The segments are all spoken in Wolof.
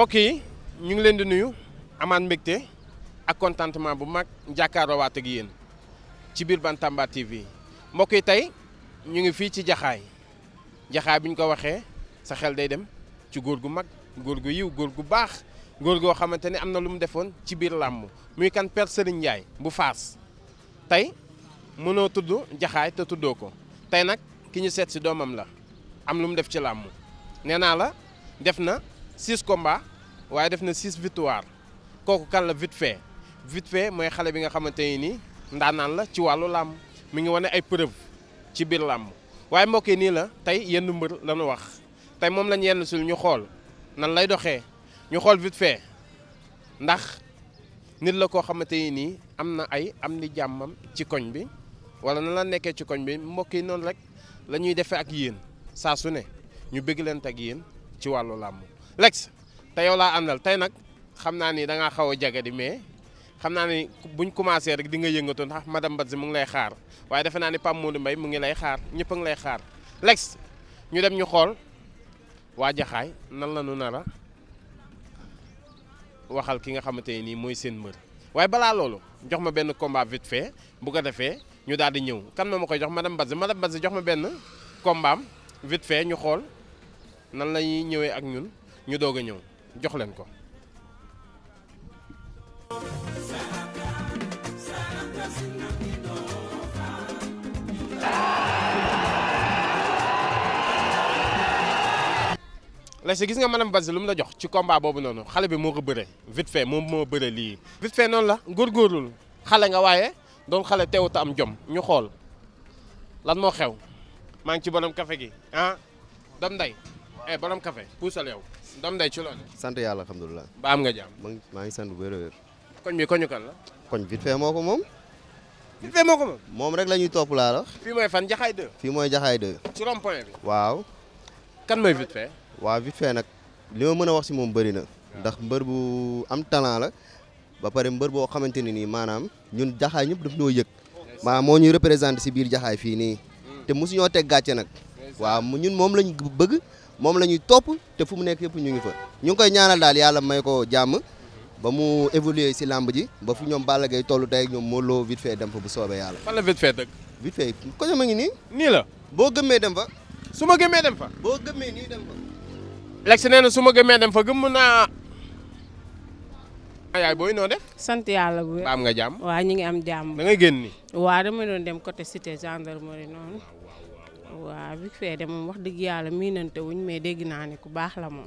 mbokk yi ñu ngi leen di nuyu amaan mbegte ak contentement bu mag jàkkaarloowaat ak yéen ci biir Bantamba yi mbokk yi tey ñu ngi fii ci jaxaay jaxaay bu ñu ko waxee sa xel day dem ci góor gu mag góor gu yiw góor gu baax góor goo xamante ni am na lu mu defoon ci biir làmm muy kan Père Serigne bu Faas tey mënoo tudd jaxaay te tuddoo ko tey nag ki ñu seet si doomam la am lu mu def ci làmm nee naa la def na six combats waaye def na six victoire kooku kan la vite fait vite fait mooy xale bi nga xamante ni nii ndaanaan la ci wàllu làmb mi ngi wane ay preuve ci biir làmb waaye mbokk nii la tey yenn mbër lañu wax tey moom lañ yenn sul ñu xool nan lay doxee ñu xool vite fait ndax nit la koo xamante ni nii am na ay am ni jàmmam ci koñ bi wala na la nekkee ci koñ bi mbokk yi noonu rek la ñuy defee ak yéen saa su ne ñu bëgg leen ak yéen ci wàllu làmb lex te yow laa àndal tey nag xam naa ni da ngaa xaw a jege di mais xam naa ni buñ commencé rek di nga yëngatoon ndax madame Badji mu ngi lay xaar waaye defe naa ni Pape Modou Mbaye mu ngi lay xaar ñëpp a lay xaar lex ñu dem ñu xool waa Jaxaay nan la nu nara waxal ki nga xamante ne nii mooy seen mbër waaye balaa loolu jox ma benn combat vite fait bu ko defee ñu daal di ñëw kan ma ma koy jox madame Badji madame Badji jox ma benn combat am vite fait ñu xool nan lañuy ñëwee ak ñun. ñu doog a ñëw jox leen ko. léegi gis nga madame Basi lu mu la jox ci combat boobu noonu xale bi moo ko bëre vite fait moom moo bëre lii. vite fait noonu la góorgóorlul xale nga waaye doon xale teewut am jom ñu xool lan moo xew maa ngi ci borom café gi ah dam nday eh borom café puusal yow. Ndom Ndeye ci loolu. sant yàlla alhamdulilah. ba am nga jàmm. maa ngi sant bu wér a wér. koñ bi koñu kan la. koñ vite fait moo ko moom. vite fait moo ko moom. moom rek la ñuy topp laa la. fii mooy fan Jaxaay 2. fii mooy Jaxaay 2. ci rond point bi. waaw. kan mooy vite fait. waaw vite fait nag li ma mën a wax si moom bëri na. ndax mbër bu am talent la. ba pare mbër boo xamante ne nii maanaam ñun Jaxaay ñëpp daf ñoo yëg. maanaam moo ñuy représenté si biir Jaxaay fii nii. Mm. te mosu ñoo teg gàcce nag. waaw ñun moom lañ bëgg. moom la ñuy topp te fu mu nekk yëpp ñu ngi fa ñu ngi koy ñaanal daal yàlla may ko jàmm ba mu évoluer si làmb ji ba fu ñoom Balla Gaye tollu tey ak ñoom Modou Lo vite dem fa bu soobee yàlla. fan la vite fait dëgg. vite fait ko ma ngi nii. nii la boo gëmmee dem fa. su ma gëmmee dem fa. boo gëmmee nii dem na su ma gëmmee dem fa gëmm naa. yaay booy noo def. sant yàlla bu wér. am nga jàmm. waaw ñu ngi am jàmm. da ngay génn nii. waaw dama doon dem côté cité gendarmerie noonu. waaw Big Fee de moom wax dëgg yàlla miinante wuñ mais dégg naa ne ku baax la moom.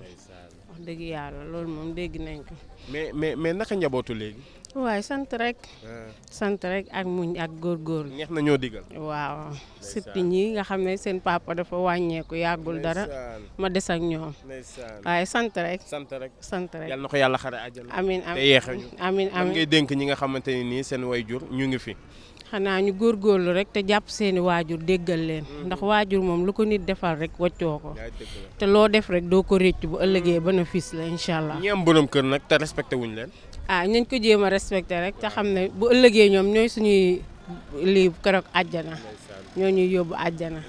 wax dëgg yàlla loolu moom dégg nañ ko. mais mais mais naka njabootu léegi. waaye sant rek. Ah. sant rek ak muñ ak góor neex ñeex ñoo digal. waaw surtout ñi nga xam ne seen papa dafa wàññeeku yàggul dara. ma des ak ñoom. waaye sant rek. sant rek sant rek. yal na yàlla xare àjjana. amiin amiin te yeexe ñu. ngay dénk ñi nga xamante ne nii seen way jur ñu ngi fi. xanaa ñu góor góorlu rek te jàpp seeni waajur déggal leen mm-hmm. ndax waajur moom lu ko nit defal rek waccoo ko te loo def rek doo ko réccu bu ëllëgee mm-hmm. bénéfice la incha allah. ñi am borom kër nag te respecté wuñ leen. ah nañ ko jéem a respecté rek te xam ne bu ëllëgee ñoom ñooy suñuy lii keroog àjjana. ñoo ñuy yóbbu àjjana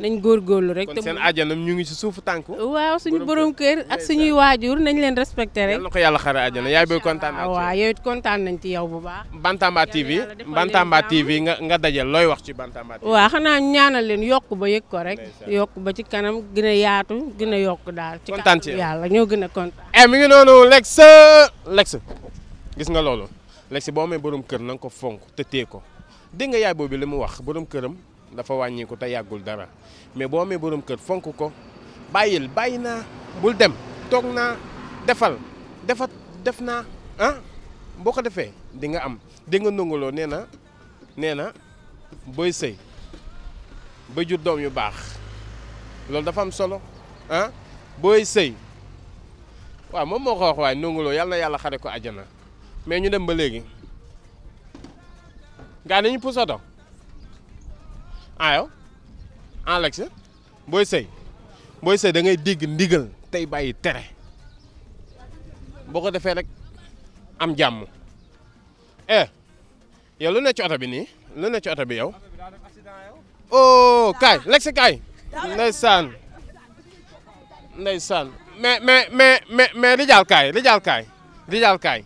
nañ góorgóorlu rek. te seen àjjana ñu ngi si suufu tànk. waaw suñu borom kër ak suñuy waajur nañ leen respecté rek. yal na ko yàlla xare àjjana yaay booy kontaan nañ ci kontaan nañ ci yow bu baax. Bantamba TV Bantamba TV nga nga dajal looy wax ci Bantamba TV. xanaa ñaanal leen yokk ba yëg ko rek. yokk ba ci kanam gën a yaatu gën a yokk daal. kontaan ci yàlla ñoo gën a kontaan. eh mi ngi noonu Lex Lex gis nga loolu Lex boo amee borom kër na ko fonk te tee ko dégg nga yaay boobu li mu wax borom këram dafa wàññiku te yàggul dara mais boo amee borom kër fonk ko bàyyil bàyyi naa bul dem toog naa defal defat def naa ah boo ko defee dinga am dinga nëngaloo nangaloo nee na nee na booy sëy ba jur doom yu baax loolu dafa am solo ah booy sëy waaw moom moo ko wax waaye nangaloo yàlla yàlla xare ko ajana mais ñu dem ba léegi gaa nañu puso aayo ah, Alex booy sëy booy sëy da ngay dégg ndigal tey bàyyi tere boo ko defee rek am jàmm eh yow lu ne ci oto bi nii lu ne ci oto bi yow oh kaay Lex kaay ndeysaan ndeysaan mais mais mais mais mais rijaal kaay rijaal kaay rijaal kaay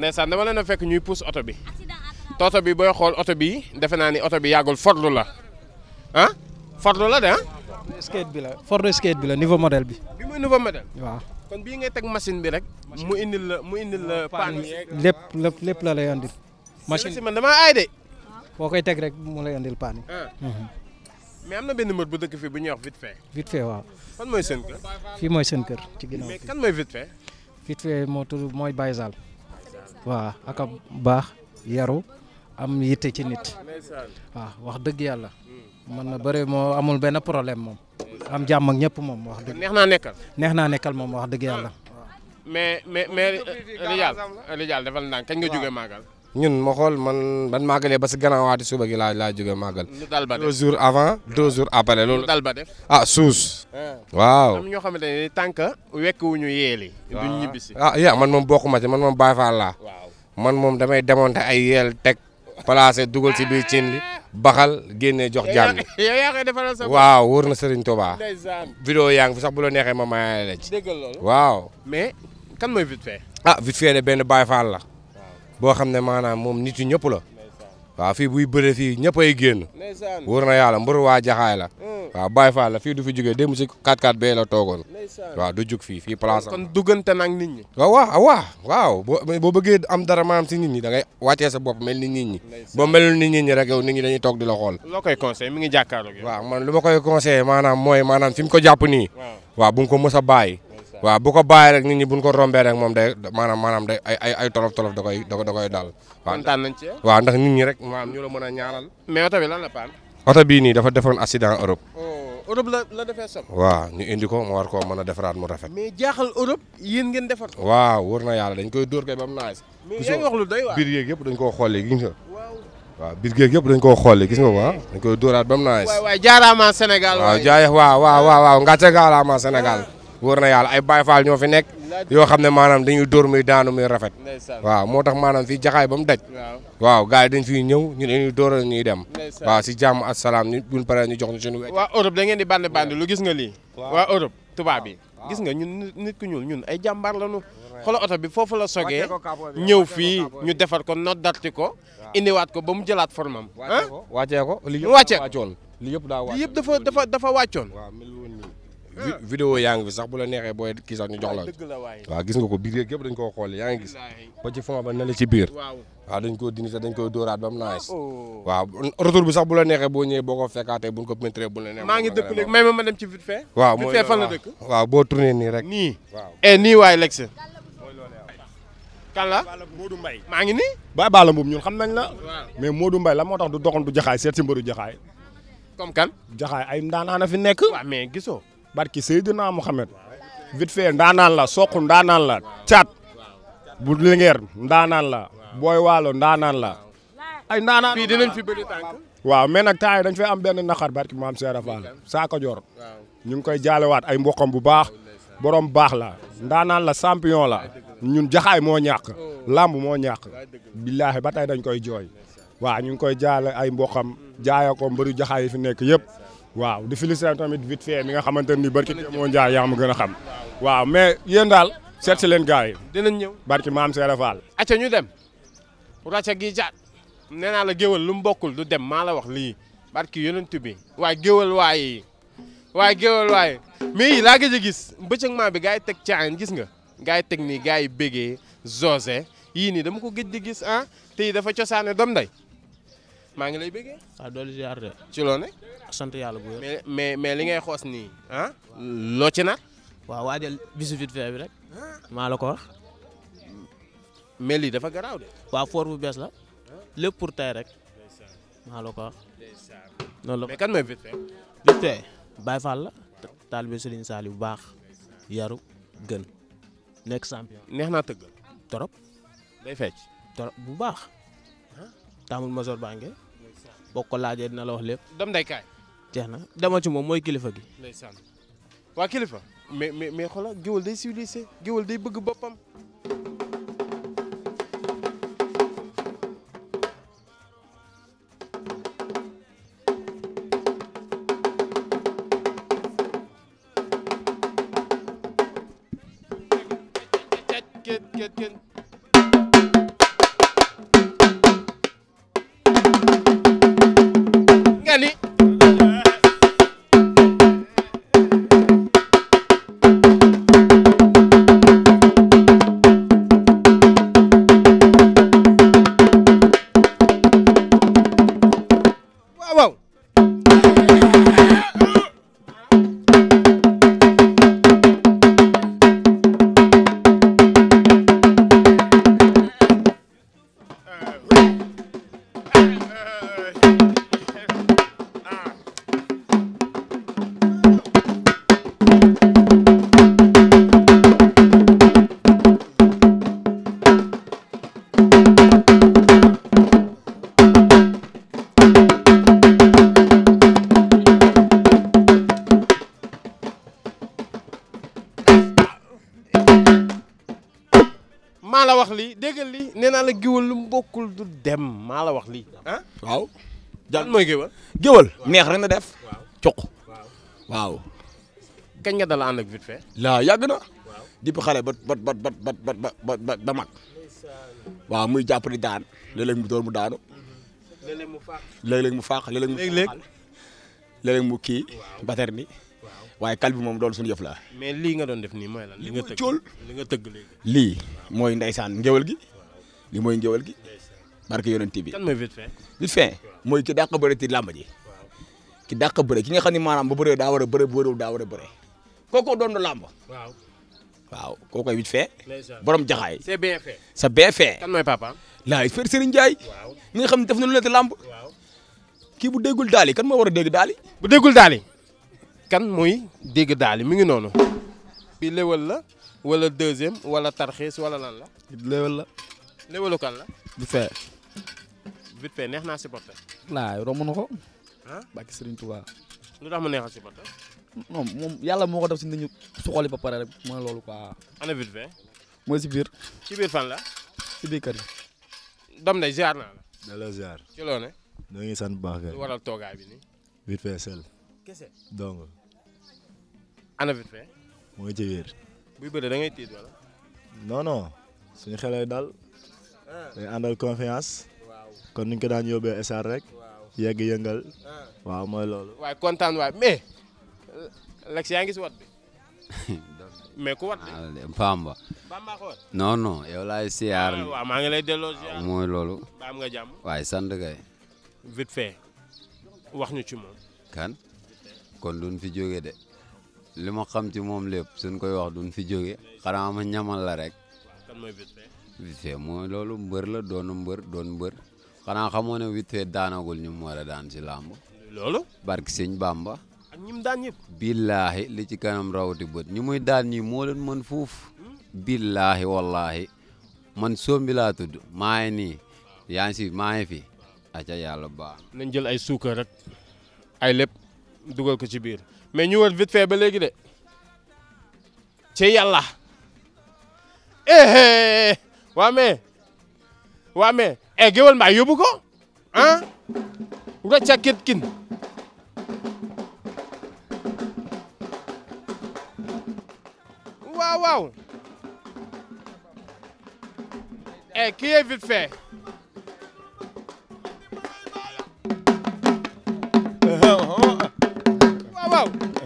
ndeysaan dama leen na fekk ñuy pousse oto bi tooto oto bi booy xool oto bi defe naa ni oto bi yàggul Ford la ah Ford la de skate bi la Ford skate bi la niveau model bi. bi mooy niveau modèle. kon bii ngay teg machine bi rek. mu indil la mu indil la panne lépp lépp lépp la lay andil. machine si man damaa aay de. boo koy teg rek mu lay andil panne ah. mhm. mais am na benn mbër bu dëkk fii bu ñuy wax vite fait. vite fait mooy seen kër. fii mooy seen kër ci ginnaaw. mais kan mooy vite fait. vite fait moo tudd mooy Baye Sall. waaw baax yaru am yitte ci nit waaw wax dëgg yàlla mën na bëri moo amul benn problème moom am jàmm ak ñëpp moom wax dëgg neex naa nekkal neex naa nekkal moom wax dëgg yàlla ah. mais mais mais euh, Rijal Rijal defal ndànk kañ nga jógee màggal ñun ma xool man ban màggalee ba si gannaawaati suba gi laa laa jógee màggal. lu dal ba def deux jours avant deux jours après loolu. dal ba def ah suus. Ah. waaw am ñoo xamante ne tant que wekk wu ñu yeeli. duñ ñibbisi ah yaa man moom bokkuma ci man moom Baay Faal laa. man moom damay démonter ay yeel teg placé dugal ci biir cin li baxal génne jox jàmm waaw wóor na Serigne Touba. vidéo yaa ngi fi sax bu la neexee ma mayaale la ci. waaw. mais kan mooy vite fait. ah vite fait de benn Baye la. boo xam ne maanaam moom nit yu ñëpp la. waaw fii buy bëre fii ñëpp ay génn wóor na yàlla mbër waa jaxaay la mm. waaw Baye Fall la fii du fi jógee démb si 4-4 bee la toogoon waaw du jug fii fii place kon duggante nag nit ñi waaw waaw waaw waaw boo bëggee am dara maam si nit ñi da ngay wàccee sa bopp mel ni nit ñi boo melul ni nit ñi rek yow nit ñi dañuy toog di la xool loo koy conseil mi ngi jàkkaarloo waaw man lu ma koy maanaam mooy maanaam fi mu ko jàpp ni waa bu mu ko mës a bàyyi waaw bu ko bàyyi rek nit ñi buñ ko rombee rek moom day maanaam maanaam day ay ay ay tolof tolof da koy da koy daal. kontaan nañ ci ndax nit ñi rek maanaam mën a ñaanal. mais oto lan la paan. oto bii nii dafa defoon accident Europe. Oh, Europe la la defee sam. waaw ñu indi ko mu war koo mën a defaraat mu rafet. mais jaaxal Europe yéen ngeen defar. waaw wër na yàlla dañ koy dóor kay ba mu naaj. mais yaa ngi dañ koo xoolee gis nga. waaw biir géej dañ koo xoolee gis nga waaw dañ koy dooraat ba mu naaj. waay waay jaaraama Sénégal. waa jaay waaw waaw waaw ngàcce gaalaama wóor na yàlla ay Baye Fall ñoo fi nekk yoo xam ne maanaam dañuy door muy daanu muy rafet waaw moo tax maanaam fii jaxaay ba mu daj waaw gars yi dañ fiy ñëw ñu dañuy dóor a ñuy dem waaw si jàmm asalaam ñu buñ paree ñu jox ñu suñu waa Europe da ngeen di bandi bandi lu gis nga lii waa Europe tubaab yi gis nga ñun nit ku ñuul ñun ay jàmbaar lañu xoolal oto bi foofu la sogee ñëw fii ñu defar ko noddarti ko indiwaat ko ba mu jëlaat formam ah wàccee ko li yëpp wàccoon li yëpp dafa dafa dafa Ah. vidéo yaa ngi fi sax bu la neexee booy kii ñu jox la waaw gis nga ko biir yëpp dañ koo xool yaa ngi gis ba ci fond ba ne ci biir waaw dañ ko dindi sax dañ koy dóoraat ba mu oh. naagis waaw retour sax bu la boo ñëwee boo ko fekkaatee buñ ko peintré bu la neexee maa ngi dëkk léegi may ma ma dem ci vite fait waaw vite fait fan la nii rek nii e nii waay legs kan la Modou Mbaye maa ngi nii baay baala mbuum xam nañ la mais Modou Mbaye la moo tax du du jaxaay seet si mbëru jaxaay comme kan jaxaay ay ndaanaan a fi nekk waaw mais gisoo barki Seydina Mohamed vite fait ndaanaan la soq ndaanaan la caat bu lingeer ndaanaan la booy waalo ndaanaan la ay ndaanaan fii dinañ fi bëri waaw mais nag temps yi dañ fay am benn naqar barki maam Seera Fall saako jor ñu ngi koy jaalewaat ay mboqam bu baax borom baax la ndaanaan la champion la ñun jaxaay moo ñàkk lamb moo ñàkk billaahi ba tey dañ koy jooy waaw ñu ngi koy jaale ay mboqam jaaya ko mbëru jaxaay yi fi nekk yëpp waaw di féliciter tamit vit fait mi nga xamante ni barki moo Ndiaye yaa ma gën a xam. waaw mais yéen daal seet si leen gars yi. dinañ ñëw barki maam Seera Fall. acca ñu dem rajo gi jaat naa la géwal lu mu bokkul du dem maa la wax lii barki yonent bi waaye géwal waaye waaye géwal waaye mais laa gëj a gis bëccëg maa bi gars yi teg caayin gis nga gars yi teg nii gars yi bégee zoose yii nii dama ko gëj di gis ah te yi dafa cosaane dom day maa ngi lay bégee. waaw ah, ci loo sant yàlla bu wér. mais mais li ngay xoos nii ah. loo ci nar. waaw waajal vite fait bi rek. maa la ko wax. mais lii dafa garaaw de. waaw for bu bees la. lépp pour tey rek. maa la ko wax. noonu la mais kan mooy bu baax. yaru gën. nekk champion. neex naa tëggal. torop. day fecc. torop bu baax. taamul major baa boo ko laajee dina la wax lépp. dam day jeex na demal ci moom mooy kilifa gi. ndeysaan waa kilifa mais mais mais xoolal géwal day civilisé géwal day bëgg boppam. maa la wax lii déggal lii nee naa la géwal lu mu bokkul du dem maa la wax lii ah waaw jaan neex rek na def cuq waaw kañ nga dala ànd ak vite laa yàgg na depuis ba ba ba waaw muy jàpp di daan léeg mu door mu daanu mm-hmm. léeg-léeg mu faax léeg mu faax bater ni waaye kal bi moom loolu suñu yëf la mais lii nga doon def nii mooy lan li nga tëgg cool li nga tëgg léegi lii mooy ndeysaan ngéwal gi lii mooy ngéwal gi barke yonent bi kan mooy vite fait vite mooy ki dàq bëre ci làmb ji ki dàq bëre ki nga xam ne maanaam ba bëree daa war a bëre bu wërewul daa war a bëre kooko doon làmb waaw waaw kooku ay vite borom jaxaay c'est bien fait sa bien fait laay fer Serigne Ndiaye mi nga xam ne def na lu ne te làmb kii bu déggul daal yi kan moo war a dégg daal bu déggul daal kan muy dégg daal mi ngi noonu. bi léwal la wala deuxième wala tarxiis wala lan la. léwal la. léwalu kan la. vite fait. vite fait neex naa supporter. laay romb na ko. ah bàkki Serigne Touba. lu tax mu neex a supporter. non moom yàlla moo ko def si nit ñi su xoli ba pare rek mooy loolu quoi. ana vite fait. mooy si biir. ci biir fan la. si biir kër yi. de ziar naa la. da la ziar. ci loo ne. ñoo ngi sant bu baax kay. lu waral toogaay bi nii. vite fait ana vite fait. moo ci wér. buy bëre da dal. Ah. day confiance. kon ni ñu ko daan yóbbee SR rek. yegg yëngal. Ah. waaw mooy loolu. kontaan waa mais. yaa ngi si ku wat de. Pamba. Pamba ko wat. non non yow laay ah, maa ngi lay delloo loolu. ba am nga jàmm. waaye sant ñu ci moom. kan kon fi jógee de. li ma xam ci moom lépp suñ koy wax dun fi jóge xanaa ma ñamal la rek. kan mooy vite loolu mbër la doon mbër doon mbër xanaa xamoo ne vite fait daanagul ñu mu war a daan si làmb. barki sëñ Bamba. ak ñi li ci kanam rawati bët ñi muy daan ñi moo leen mën fuuf. billaahi man sombi laa tudd maa ngi nii yaa ngi si maa ngi fi. acca yàlla baax nañ jël ay suukar rek ay ko ci biir. mais ñu wër vite fait ba léegi de ci yàlla eh waa mais waa mais eh géwal mbaa yóbbu ko ah rocca ket kin waaw waaw eh kii vite waaw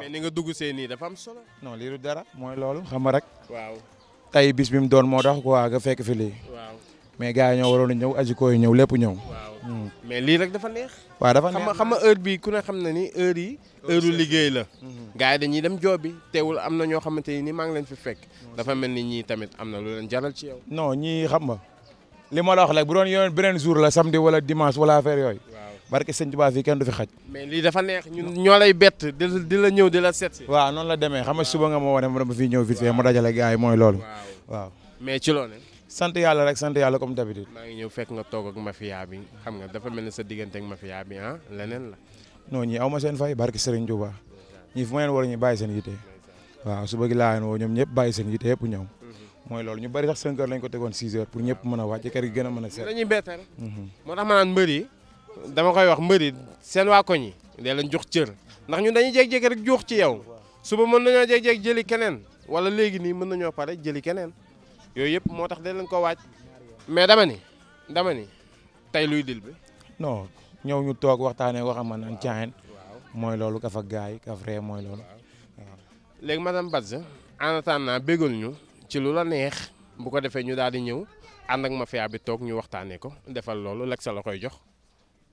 mais ni nga dugg see nii dafa am solo. non lii du dara mooy loolu xam nga rek. waaw tey bis bi mu doon moo tax ko waa ga fekk fi lii. waaw mais gars yi ñoo waroon a ñëw ajikoo yi ñëw lépp ñëw. Hmm. mais lii rek dafa neex. waaw dafa neex xam nga heure bi ku ne xam na ni heure yi. heure liggéey la. Hmm. gars yi dañuy dem job bi teewul am na ñoo xamante ni maa ngi leen fi fekk. dafa mel ni ñii tamit am na lu leen jaral ci yow. non ñii xam nga li ma la wax rek bu doon yeneen beneen jour la samedi wala dimanche wala affaire yooyu barke sëñ Tuubaa fii kenn du fi xaj. mais lii dafa neex ñoo lay bett di la ñëw di la set waaw noonu la demee xam a suba nga ma wane ma dama fiy ñëw yàlla comme ngi ñëw fekk nga toog ak mafia bi xam nga dafa mel ni sa diggante ak mafia bi ah ñii aw seen fay barke Serigne Touba ñii fu ma leen war ñu bàyyi seen yite waaw suba gi laa leen woo ñoom ñëpp bàyyi seen yite yëpp mhm. bari sax 5 heures lañ ko tegoon 6 heures pour ñëpp mën a wàcc kër gi gën a mën a seet. Mhm. moo tax ma naan mbër dama koy wax mbëri seen waa koñ yi dee lañ jox cër ndax ñu dañu jékki jeg rek jox ci yow suba mën nañoo jékki-jékki jëli keneen wala léegi nii mën nañoo pare jëli keneen yooyu yëpp moo tax dee lañ ko waaj mais dama ni tey luy dil bi ñu toog waxtaanee wax ama nan caaxaan mooy loolu kafa ak gaay kaf ree mooy loolu waaw léegi madame Badji en attendant bégal ñu ci lu la neex bu ko defee ñu daal di ñëw ànd ak mafia bi toog ñu waxtaanee ko defal loolu lekk sa la koy jox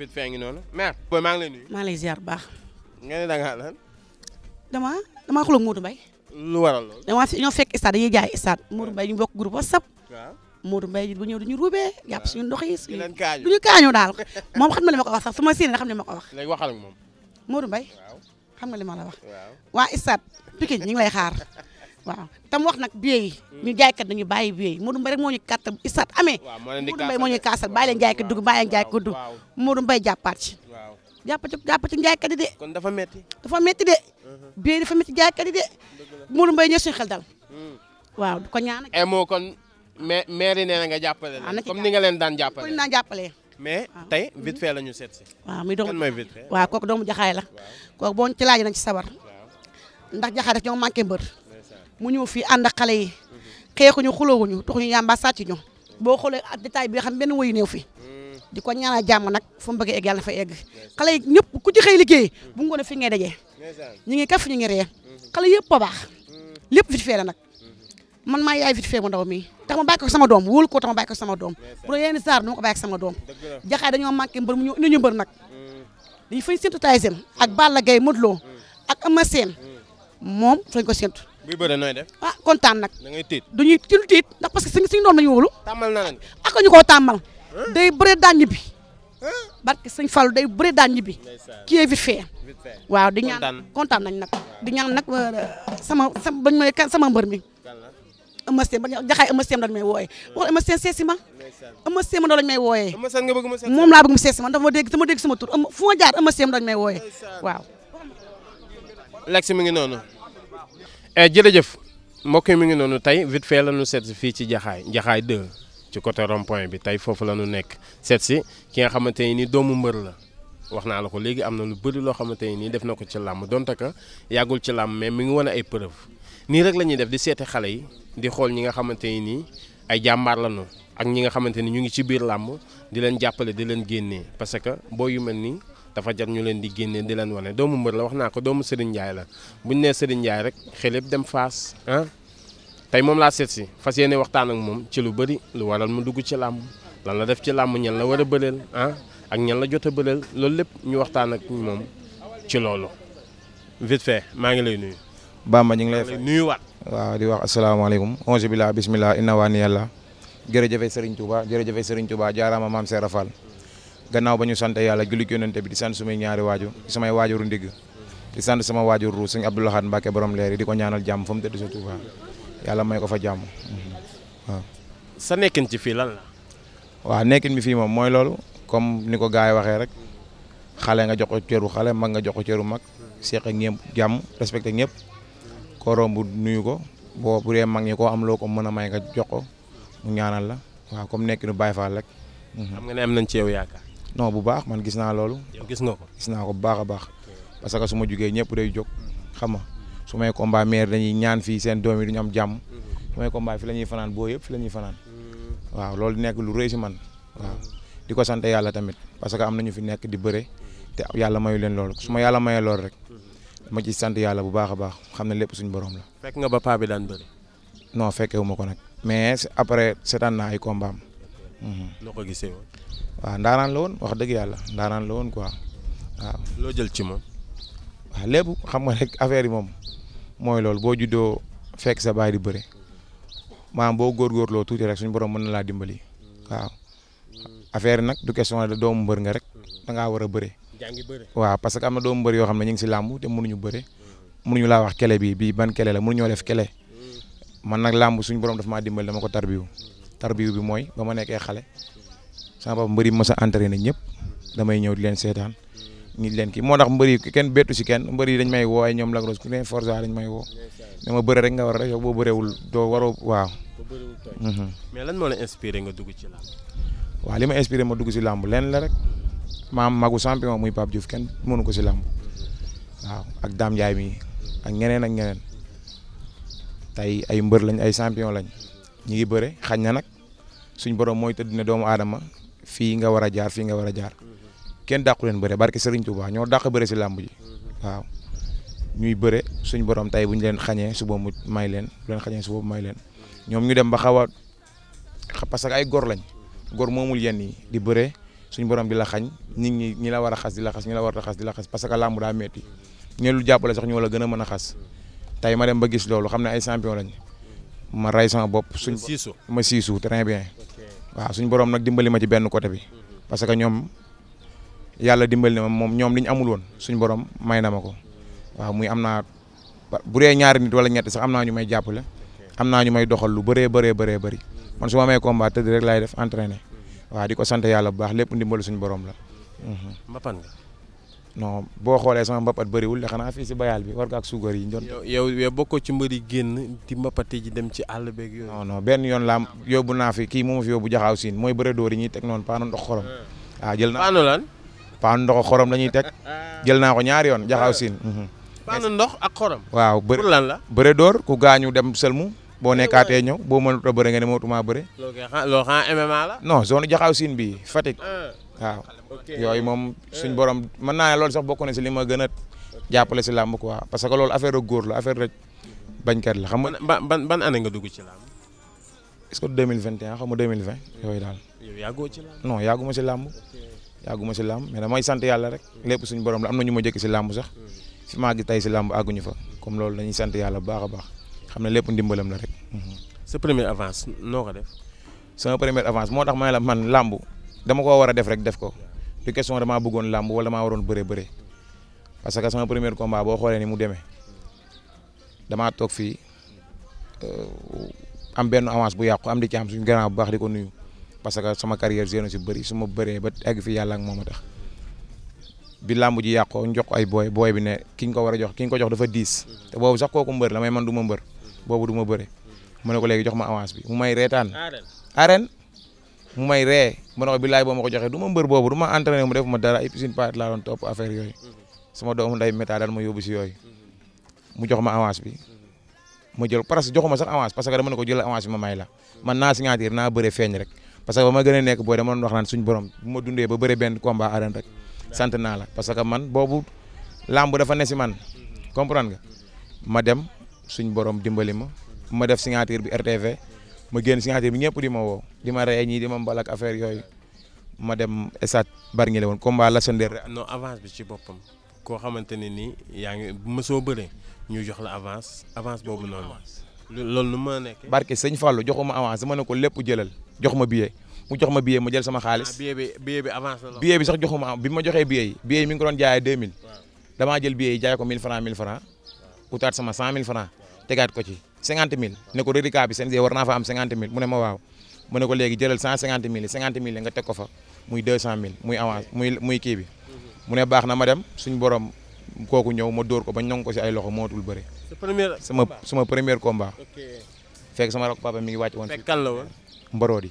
vite fait ngi noonu mère. booy maa ngi baax. nga ne da ngaa lan. damaa damaa xulóog Modou Mbaye. lu waral loolu. damaa fi ñoo fekk stade dañuy jaay stade Modou Mbaye ñu bokk groupe WhatsApp. waaw Modou Mbaye bu ñëw dañu ruubee. waaw ñu leen kaañu ñu kaañu daal moom xam na li ma a wax sax su ma séenee xam ne ma ko wax. léegi waxal xam nga li ma la wax. waa stade Pikine ñu lay xaar waaw tam wax nag biye yi hmm. ñu jaaykat nañu bàyyi biye yi Modou Mbaye rek moo ñu kàttal isaat amee Modou Mbaye moo ñu kaasal bàyyi leen jaaykat dugg bàyyi leen jaaykat dugg Modou Mbaye jàppaat ci jàpp ci jàpp ci jaaykat de kon dafa metti dafa metti de uh-huh. biye yi dafa metti jaaykat yi de Modou Mbaye ñëw suñu xel dal hmm. waaw du ko ñaan e moo kon maire yi nee na nga jàppale leen ah, comme ni nga leen daan jàppale ni jàppale mais ah. tey vite fait la ñu seet si waaw muy doomu waaw kooku doomu jaxaay la kooku boo ci laaj nañ ci sabar ndax jaxaay daf ñoo manqué mu ñëw fii ànd ak xale yi xeexuñu xuloowuñu taxuñu yàmba sàcc ñu boo xoolee détail bi xam benn woyu néew fi mm. di ko ñaanal jàmm nag fu mu bëgg egg yàlla fa egg xale yi ñëpp ku xëy liggéey mm. bu ngoon fi ngay dajee ñu ngi kaf ñu ngi ree mm-hmm. xale yëpp a baax mm. lépp vite fait la nag mm-hmm. man maa yaay vite fait mu ndaw mi tax ma bàyyi ko sama doom wóolu ko tax ma bàyyi ko sama doom pour yenn saar nu ma ko bàyyi sama doom jaxaay dañoo manqué mbër mu ñëw indi ñu mbër nag dañu fañ séntu taysem ak Balla Gaye Modou Lo ak Ama seen moom fañ ko séntu buy bëre nooy def ah kontaan nag da ngay tiit duñuy tiit tiit ndax parce que suñu suñu doom lañu wóolu tàmmal na leen ah, ñu koo tàmmal day bëre daan ñibbi barke sëñ Fallou day bëre daan ñibbi qui est vite fait waaw di ñaan kontaan nañ nag di ñaan nag euh, sama sama bañ may sama mbër mi Eumeu Sène ba jaxaay Eumeu Sène may wooyee wax Eumeu Sène seesi ma Eumeu Sène ma doo lañ may wooyee moom laa bëgg mu seesi ma dafa ma dégg sama dégg sama tur fu ma jaar Eumeu Sène dañ may wooyee waaw lex mi ngi noonu Eh, jërëjëf mbokk yi mi ngi noonu tey vite fait la ñu seet fii ci jaxaay jaxaay de ci côté rond bi tey foofu la ñu nekk seet si ki nga xamante ni doomu mbër la wax naa la ko léegi am na lu bëri loo xamante nii def na ko ci làmm donte ka yàggul ci làmm mais mi ngi wane ay preuve nii rek la ñuy def di seeti xale yi di xool ñi nga xamante ni ay jàmbaar lañu ak ñi nga xamante ni ñu ngi ci biir làmm di leen jàppale di leen génnee parce que boo yu mel nii dafa jar ñu leen di génne di leen wane doomu mbër la wax naa ko doomu Serigne Ndiaye la bu ñu nee Serigne Ndiaye rek xel yëpp dem faas ah. tey moom laa seet si fas yéene waxtaan ak moom ci lu bari lu waral mu dugg ci làmb lan la def ci làmb ñan la war a bëreel ah ak ñan la jot a bëreel loolu lépp ñu waxtaan ak moom ci loolu. vite fait maa ngi lay nuyu. Bamba ñu ngi lay nuyuwaat. waaw di wax asalaamaaleykum. onze billah bismillah inna waa ni yàlla. jërëjëf Serigne Touba jërëjëf Serigne Touba jaaraama maam gannaaw ba ñu sante yàlla julli yonente bi di sant sumay ñaari waajur di samay waajuru ndigg di sant sama waajur ru sëñ Abdou Lahad Mbacke borom leer yi di ko ñaanal jàmm fa mu tëdd sa Touba yàlla may ko fa jàmm sa nekkin ci fii lan la. waaw nekkin bi fii moom mooy loolu comme ni ko gaa yi waxee rek xale nga jox ko cëru xale mag nga jox ko cëru mag seq ak jàmm respecté ñëpp koo bu nuyu ko boo bu dee mag ñi koo am loo ko mën a may nga jox ko mu la waaw comme nekk nu Baye Fall nga ne nañ ci non bu baax man gis naa loolu. gis nga ko gis naa ko bu baax a baax. parce que suma jugee ñëpp day jog xam nga su may combat dañuy ñaan fii seen doom yi du ñu am jàmm. Mhm. su may fi la ñuy fanaan boo yëpp fi la ñuy mhm. nekk lu rëy si man. di ko sant yàlla tamit parce que am na ñu fi nekk di bëre. te yàlla mayu leen loolu su ma yàlla mayee loolu rek. Mhm. dama ci sant yàlla bu baax a baax xam ne lépp suñu borom la. fekk nga ba paa bi daan bëri. non fekkee ko nag. mais après seetaan naa ay combat am. ko gisee woon waa ndaaraan la woon wax dëgg yàlla ndaaraan la woon quoi loo jël ci moom. waaw lépp xam nga rek affaire yi moom mooy loolu boo juddoo fekk sa baay di bëre maanaam boo góorgóorloo tuuti rek suñu borom mën na laa dimbali waaw affaire yi du question da doomu mbër nga rek da ngaa war a bëre. jàngi bëre waaw parce que am na doom mbër yoo xam ne ñu ngi si làmb te mënuñu bëre mënuñu laa wax kele bi bii ban kele la ñoo def kele man nag làmb suñu borom daf maa dimbali dama ko tarbiwu tarbiwu bi mooy ba ma nekkee xale. sama papa mbëri ma sa nañ ñëpp damay ñëw di leen seetaan nit leen kii moo tax mbëri kenn bettu si kenn mbëri dañ may woo ay ñoom Lac Rose ku ne Forza dañ may woo ne ma bëre rek nga war a def yow boo bëreewul doo waroo waaw. Mhm. mais lañ moo la inspiré nga dugg ci làmb. waaw li ma inspiré ma dugg si làmb leen la rek maam magu champion muy Pape Diouf kenn mënu ko si làmb waaw ak Dame Ndiaye mi ak ñeneen ak ñeneen te ay mbër lañ ay champion lañ ñu ngi bëre xañ na nag suñ borom mooy tëdd na doomu aadama fii nga war a jaar fii nga war a jaar kenn dàqu leen bëre barke Serigne Touba ñoo dàq bëre si làmb ji waaw ñuy bëre suñ borom tey bu ñu leen xañee suba mu may leen bu leen xañee suba mu may leen ñoom ñu dem ba xaw a parce que ay gor lañ gor moomul yenn yi di bëre suñ borom di la xañ nit ñi ñi la war a xas di la xas ñi la war a xas di la xas parce que làmb daa metti ñeen lu jàppale sax ñoo la gën a mën a xas tey ma dem ba gis loolu xam ne ay champion lañ ma rey sama bopp suñ ma siisu très bien waaw suñu borom nag dimbali ma ci benn côté bi parce que ñoom yàlla dimbali na ma moom ñoom li ñu amul woon suñu borom may na ma ko waaw muy am naa bu dee ñaari nit wala ñetti sax am naa ñu may jàppale am na ñu may doxal lu bëree bëree bëree bëri man su ma amee combat tëdd rek laay def entraîné waaw di ko sant yàlla bu baax lépp ndimbalu suñu borom la. mbapat nga. non boo xoolee sama mbapat bëriwul de xanaa fi si bayaal bi war nga ak suukar yi. yow yow yow bokkoo ci mbëri génn di mbapati ji dem ci àll beeg yooyu. benn yoon laa yóbbu naa fi ki moom fi yóbbu jaxaaw siin mooy bëre dóor yi ñuy teg noonu paanu ndox xorom. Eh. ah jël naa paanu lan. paanu ndox la ñuy teg eh. jël naa ko ñaari yoon jaxaaw eh. siin. Mhm. paanu ndox ak xorom. waaw bëri lan la bëre dóor ku gaañu dem sëlmu. boo nekkaatee ñëw boo mënut a bëre nga ne mootuma bëre. loo xam MMA la. non zone siin bi Fatick waaw yooyu moom suñ borom mën naa lool sax bokk na si li ma gën a jàppale si làmb quoi parce que loolu affaire góor la affaire rek bañkat la xam nga. ban ban année nga dugg ci làmb. est-ce que 2021 xam nga 2020 yooyu daal. yow yàggoo ci làmb. non si làmb. yàgguma si làmb mais damay sant yàlla rek. lépp suñ borom la am na ñu ma jëkk si làmb sax. Mm. fi maa tey si làmb àgguñu fa. comme loolu dañuy sant yàlla bu baax a baax. xam ne lépp ndimbalam la rek. Mm-hmm. sa première avance noo ko def. sama première avance moo tax ma ne la man làmb dama ko war a def rek def ko du question damaa bëggoon làmb wala ma waroon bëre bëre parce que sama ko combat boo xoolee ni mu demee damaa toog fii euh, am benn avance bu yàqu am di ci am suñu grand bu baax di ko nuyu parce que sama carrière jeune si bëri suma ma bëree ba egg fi yàlla ak moom a tax bi làmb ji yàqoo njox ay booy booy bi ne ki ñu ko war a jox ki ko jox dafa diis te boobu sax kooku mbër la may man du ma mbër boobu du ma bëre mu ne ko léegi jox ma avance bi mu may reetaan arène mu may ree ma ne ko billaay boo ma ko joxee du ma mbër boobu du ma entraîné mu def ma dara ay piscine paat laa doon topp affaire yooyu sama doomu nday méta daal ma yóbbu si yooyu mu jox ma avance bi ma jël parce que joxuma sax avance parce que dama ne ko jël avance bi ma may la man naa signature naa bëre feeñ rek parce que ba ma gën a nekk booy dama doon wax naan suñ borom bu ma dundee ba bëre benn combat arène rek sant naa la parce que man boobu làmb dafa ne si man comprendre nga ma dem suñ borom dimbali ma ma def signature bi RTV ma génn si nga xam ne ñëpp di ma woo di ma rey ñii di ma mbalak affaire yooyu ma dem stade Bargny la woon combat la sondé non avance bi ci boppam koo xamante ne nii yaa ngi mësoo bëre ñu jox la avance avance boobu noonu loolu nu ma nekk barke sëñ Fallou joxuma avance dama ne ko lépp jëlal jox ma billet mu jox ma billet mu jël sama xaalis ah, billet bi billet bi avance la billet bi sax joxuma bi ma joxee billet yi billet yi mi ngi ko doon jaayee 2000 damaa jël billet yi jaay ko 1000 francs 1000 tegaat ko ci cinquante mille ne ko reliquat bi seen war naa am cinquante mille ne ma waaw mu ne ko léegi jëlal cent cinquante mille cinquante mille nga ko fa muy deux cent mille muy avance muy muy kii bi mu ne baax na ma dem suñ borom kooku ñëw ma dóor ko ba ñong ko si ay loxo mootul bëri sama sama premier combat fekk sama rak papa mi ngi wàcc woon mbaroodi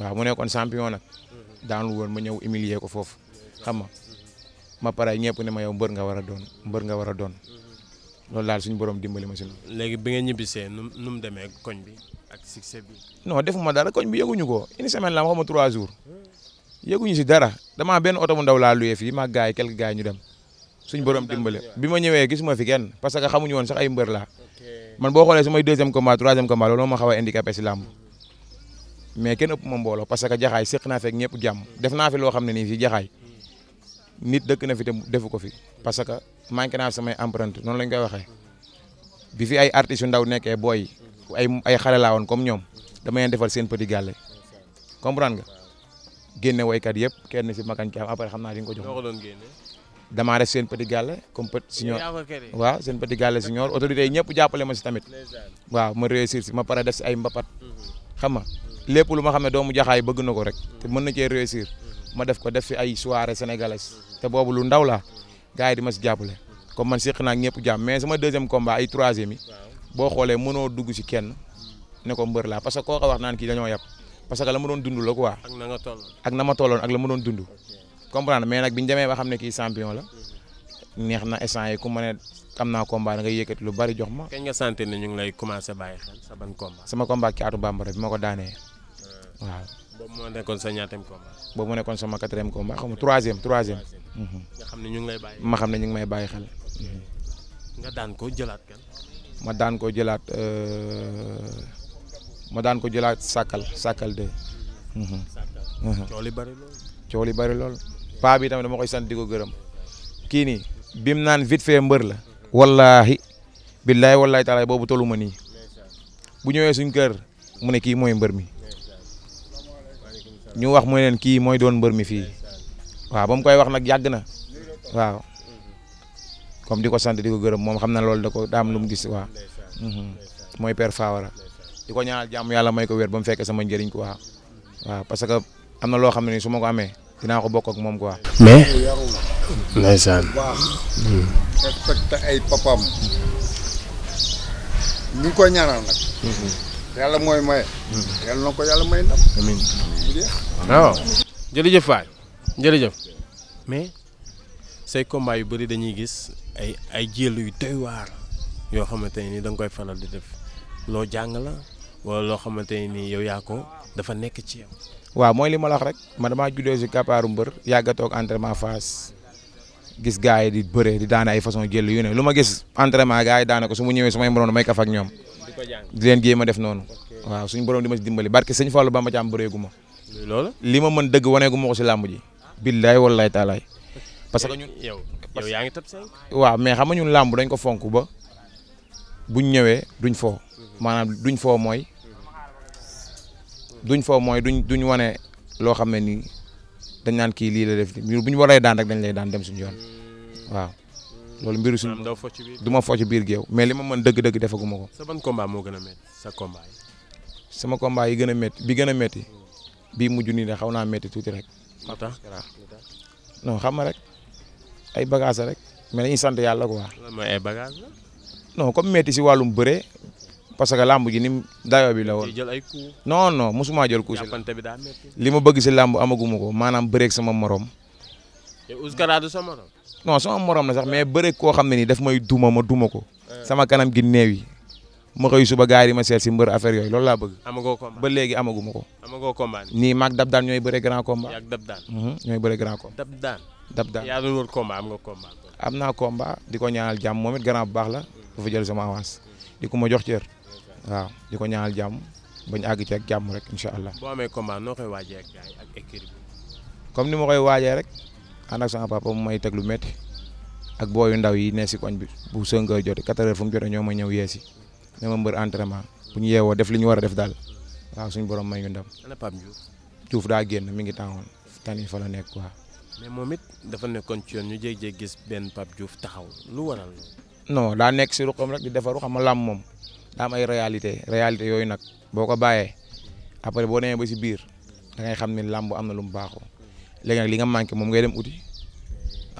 waaw mu nekkoon champion nag mhm. daanul woon ma ñëw humilier ko foofu xam nga ma pare ñëpp ne ma yow mbër nga war a doon mbër nga war a doon mhm. loolu laal suñu borom dimbali ma si loolu. léegi bi nga ñibbisee nu mu nu demee koñ bi ak succès bi. non defuma dara koñ bi yëguñu ko une semaine la ma xawma trois jours yëguñu si dara damaa benn oto bu ndaw laa luyee fii ma gars yi quelques gars ñu dem suñu borom dimbali bi ma ñëwee ma fi kenn parce que xamuñu woon sax ay mbër laa man boo xoolee samay deuxième combat troisième combat loolu moo ma xaw a handicapé si làmb mais kenn ëpp ma mbooloo parce que jaxaay séq naa fekk ñëpp jàmm def naa fi loo xam ne nii fii nit dëkk na fi te defu ko fi parce que manqué naa samay empreinte noonu lañ koy waxee bi fi ay artistes yu ndaw nekkee booy ay ay xale laa woon comme ñoom dama leen seen petit gàlle comprendre nga génne yëpp kenn si makañ am après xam naa di ko jox damaa def seen petit gàlle comme petit signor waaw seen petit gàlle signor autorité yi ñëpp jàppale ma si tamit waaw ma réussir si ma pare def si ay mbapat xam nga lépp lu ma xam ne doomu jaxaay bëgg na ko rek te mën na cee réussir ma def ko def fi ay soirée sénégalaise te boobu lu ndaw laa gaa yi di ma si jàppale comme man seq naa ak ñëpp jàmm mais sama deuxième combat ay troisième yi boo xoolee mënoo si kenn ne ko mbër laa parce que wax naan kii dañoo yàpp parce que la ma doon dund la quoi. ak na nga ak na ma ak la ma doon dund. comprendre mais nag bi ñu demee ba xam ne kii champion la neex na instant yi ku ma naa combat nga yëkkati lu bari jox ma. kañ nga ñu ngi lay commencé bàyyi xel sa ban combat. sama combat ki Atou Bambara bi ma ko daanee waaw. boobu moo sa ñaateem combat. boobu moo nekkoon sama quatrième combat xam nga troisième troisième. Mhm. nga xam ne ñu ngi lay bàyyi. ma xam ne ñu may bàyyi xel. ma daan ko jëlaat euh, ma daan ko jëlaat sàkkal sàkkal de. Mhm. sàkkal mhm. coow li bari lool. coow li bari lool paa bi tamit koy sant di ko gërëm. kii nii bim naan vite fait mbër la. wallaahi. billaay wallaahi taalaay boobu tollu ma nii. bu ñëwee suñ kër mu ne kii mooy mbër mi. ñu wax mooy leen kii mooy doon mbër mi fii waaw ba mu koy wax nag yàgg na waaw comme di ko sant di ko gërëm moom xam na loolu da daam lu mu gis waaw mhm. mooy père Fawara di ko ñaanal jàmm yàlla may ko wér ba mu fekkee sama njëriñ ko waaw parce que am na loo xam ne ni su ma ko amee dinaa ko bokk ak moom quoi. mais. ndeysaan. Hmm. respecté ay papam ñu ko ñaanal nag. Mhm. yàlla mooy maye. Hmm. yàlla na ko yàlla may ndam. amiin waaw. jërëjëf waay jërëjëf. mais say combat yu bari dañuy gis ay ay jéel yu doy waar yoo xamante ne ni da nga koy faral di def loo jàng la wala loo xamante ne ni yow yaa ko dafa nekk ci yow. waaw mooy li ma la wax rek ma damaa juddoo si kapaaru mbër yàgg toog entraînement face gis gars yi di bëre di daane ay façon jël yu ne lu ma gis entraînement gars yi daane ko su mu ñëwee su may moroon may kaf ak ñoom. di leen jéem a def noonu waaw suñu borom di ma si dimbali barke sëñ Fallou Bamba Thiam bëreegu ma loolu li ma mën dëgg waneegu ma ko si làmb ji billaay lay taalaay parce que ñun yow yaa ngi top 5 waaw mais xam a ñun làmb dañ ko fonk ba buñ ñëwee duñ foo maanaam duñ foo mooy duñ foo mooy duñ duñ wane loo xam ne nii dañ naan kii lii la def buñ waree daan rek dañ lay daan dem suñ yoon waaw loolu mbiru suñu du ma fo ci biir géew mais li ma mën dëgg-dëgg defaguma ko. sa ban combat moo gën sa combat sama combat yi gën a métti bi gën a métti bii mujj nii de xaw naa métti tuuti rek. waaw non xam nga rek ay bagages rek mais dañuy sant yàlla quoi. lan mooy ay comme métti si wàllum bëre parce que làmb ji ni dayoo bi la woon. jël ay coups. non non mosuma jël coups. jàppante bi daa li ma bëgg si làmb amaguma ko maanaam bëreek sama moroom te Ouskara du sa morom. sax mais bëre koo xam ne nii daf may duma ma duma ko. Eh. sama kanam gi néew yi ma xëy suba gars yi ma seet si mbër affaire yooyu loolu laa bëgg. amagoo combat ba léegi amaguma ko. amagoo combat nii maag dab daan ñooy bëre grand combat. yaag dab daan. Mhm, ñooy bëre grand combat. dab daan. dab daan yaa doon wër combat am nga combat. am naa combat di ko ñaanal jàmm moom it bu baax la. bu fa jël sama avance. di ko ma jox cër. waaw di ko ñaanal jàmm bañ àgg ci ak jàmm rek incha boo amee combat noo koy waajee ak gars waajee rek ànd ak sama papa mu may teg lu métti ak boo booyu ndaw yi ne si koñ bi bu sënk a jotee quatre heures fu mu ñoo ma ñëw yeesi ne ma mbër entraînement bu ñu yeewoo def li ñu war a def daal waaw suñu borom may yu ndam. ana Pape daa génn mi ngi tàngoon tan yi fa la nekk quoi. mais moom it dafa nekkoon ci yoon ñu jékki-jékki gis benn Pape Diouf taxaw lu waral. non daa nekk si ruqam rek di defaru xam nga làmb moom daa am ay réalité réalité yooyu nag boo ko bàyyee après boo demee ba si biir da ngay xam ni làmb am na lu mu baaxoo léegi nag li nga manqué moom ngay dem uti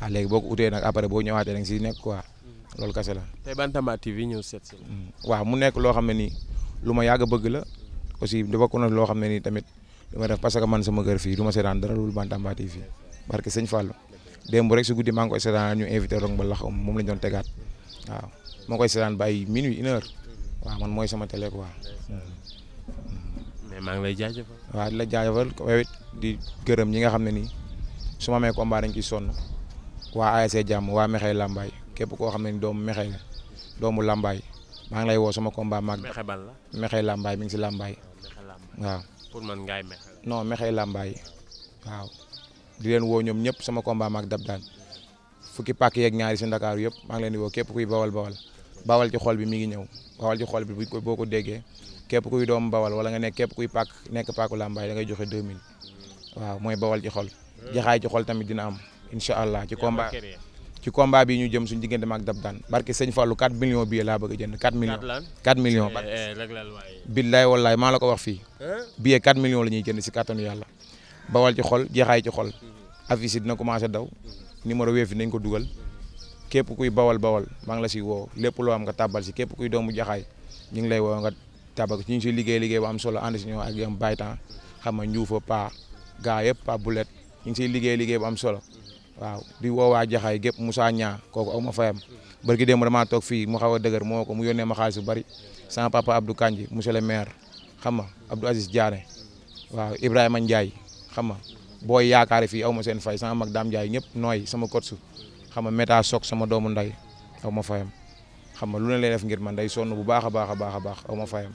ah léegi boo ko utee nag après boo ñëwaatee nag si nekk quoi loolu kese la. tey Bantamba TV ñëw seet si mm. waaw mu nekk loo xam ne nii lu ma yàgg bëgg la aussi dafa ko loo xam ne nii tamit li ma def parce que man kër fii du ma seetaan dara loolu Bantamba TV fii parce que sëñ Fallou démb rek si guddi maa ngi koy seetaan ñu invité rong ba lax moom lañ doon tegaat waaw moo koy seetaan ba ay minuit une heure man mooy sama télé quoi. Mm. maa ngi lay jaajëfal. waaw di la jaajëfal yow it di gërëm ñi nga xam ne nii su ma amee combat dañ ciy sonn waa ASC jàmm waa Mekhe làmbaay képp koo xam ne doomu Mekhe la doomu Lambaye maa ngi lay woo sama combat maag. Mekhe la Mekhe Lambaye mi ngi si Lambaye. Oh, waaw pour man ngaay Mekhe. non Mekhe Lambaye waaw di leen woo ñoom ñëpp sama combat maag dab daan fukki pàkk yeeg ñaari si Ndakaaru yëpp maa ngi leen di woo képp kuy bawal bawal bawal ci xool bi mi ngi ñëw bawal ci xol bi boo ko déggee kepp kuy doom bawal wala nga nekk képp kuy pàkk nekk pàkku làmbaay da ngay joxe 2000 waaw mooy bawal ci xol jaxaay ci xol tamit dina am incha allah ci combat ci combat bi ñu jëm suñu diggante ak dab daan barke sëñ Fallou 4 millions billet laa bëgg a jënd 4 millions 4 millions eh, eh, billaay wallaay maa la ko wax fii billet 4 millions la ñuy jënd si kàttanu yàlla bawal ci xol jeexaay ci xol mhm. affiche yi dina commencé daw mhm. numéro weef yi nañ ko dugal mhm. képp kuy bawal bawal maa ngi la si woo lépp loo am nga tàbbal si képp kuy doomu jaxaay ñu ngi lay woo nga tabak ñu ngi si liggéey liggéey bu am solo ànd si ñoo ak yam baytan xam nga njuufa pa gaa yëpp pa bulet ñu ngi siy liggéey liggéey bu am solo waaw di woowaa jaxaay gépp Moussa ñaa kooku aw ma fayam bërki démb damaa toog fii mu xaw a dëgër moo ko mu yónnee ma xaalis bu bari sama papa Abdou Kandji monsieur le maire xam nga Abdou Aziz Diané waaw Ibrahima Ndiaye xam nga booy yaakaar fii aw ma seen fay sama mag daam Ndiaye ñëpp nooy sama kot su xam nga méta soog sama doomu nday aw fayam xam nga lu ne lay def ngir man day sonn bu baax a baax a baax a baax aw ma fayam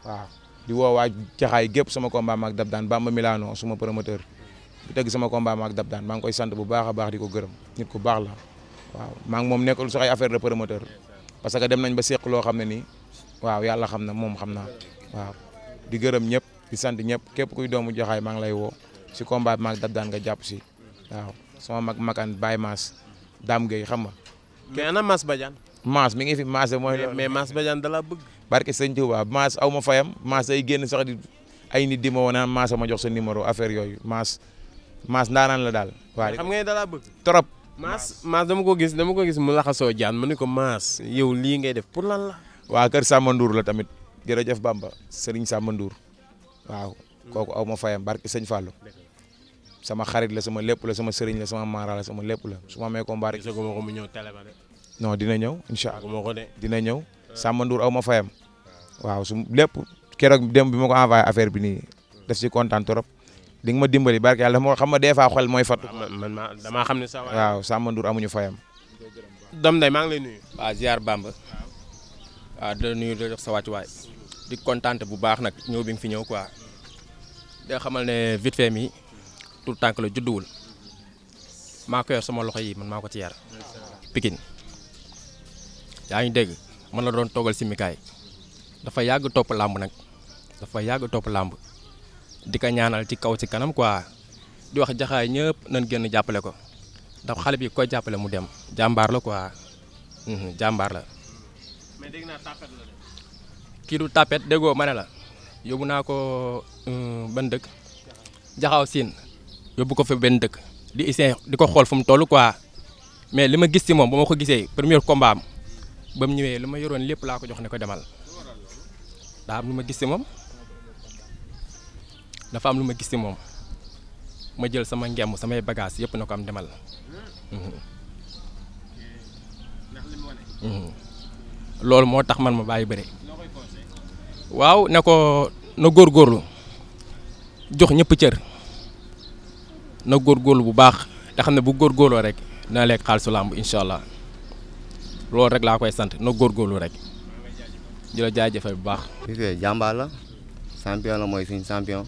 waaw di woo waa Jaxaay gépp sama combat maak dab daan Bamba Milano suma promoteur bi teg sama combat maak dab daan maa ngi koy sant bu baax a baax di ko gërëm nit ku baax la waaw maa ngi moom nekkul sax ay affaire de promoteur parce que dem nañ ba seq loo xam ne nii waaw yàlla xam na moom xam naa waaw di gërëm ñëpp di sant ñëpp képp kuy doomu Jaxaay maa ngi lay woo si combat bi maak dab daan nga jàpp si waaw sama mag makan Baye Mass Dame Gueye xam nga. mais ana Mass Badiane maas mi ngi fi maase mooy. mais maas Badiane da laa bëgg. barke sëñ Touba maas aw ma fayam maas ay génn sax di ay nit di ma woon maas ma jox sa numéro affaire yooyu maas maas ndaanaan la daal. waaw xam nga da laa bëgg. trop maas dama ko gis dama ko gis mu laxasoo jaan ma ne ko maas yow lii ngay def pour lan la. waa kër Samba la tamit jërëjëf Bamba Serigne Samba Ndour waaw. kooku aw ma fayam barke sëñ Fallou. sama xarit la sama lépp la sama sëriñ la sama maara la sama lépp la su ma amee ko mu ñëw télé non dina ñëw incha allah dina ñëw Samba Ndour ma fayam waaw su lépp keroog dem bi ma ko envoyé affaire bi nii daf si kontaan trop li nga ma dimbali barke yàlla moo xam ma des fois xol mooy fàttu. Ah, man man damaa xam ne sa waay amuñu fayam. Dame Ndeye maa ngi lay nuyu. waaw ziar Bamba. waaw di la nuyu di jox sa wàccuwaay. di kontaante bu baax nag ñëw bi nga fi ñëw quoi. da xamal ne vite fait mi tout tànk la judduwul maa ko yor sama loxo yi man maa ko ci yar Pikine yaa ngi dégg man la doon toggal simikaay dafa yàgg topp làmb nag dafa yàgg topp làmb di ko ñaanal ci kaw ci kanam quoi di wax jaxaay ñëpp nañ génn jàppale ko ndax xale bi ko jàppale mu dem jàmbaar la quoi mhm, jàmbaar la. mais dégg naa tapet kii du tapet déggoo ma ne la yóbbu naa ko euh, benn dëkk jaxaw siin yóbbu ko fa benn dëkk di isee di ko xool fu mu toll quoi mais li ma gis ci moom ba ma ko gisee premier kombaam ba mu ñëwee lu ma yoroon lépp laa ko jox ne ko demal daa am lu ma gis ci moom dafa am lu ma gis ci moom ma jël sama ngemb samay bagaas yëpp na ko am demal. Mhm. Mhm. loolu moo tax man ma bàyyi bëre waaw ne ko na góor góorlu jox ñépp cër na góor góorlu bu baax te xam ne bu góorgóorloo rek dina lekk xaalisu làmb incha allah. loolu rek laa koy sant na góorgóorlu rek di la jaajëfal bu baax. Fifi jàmbaar la champion la mooy suñu champion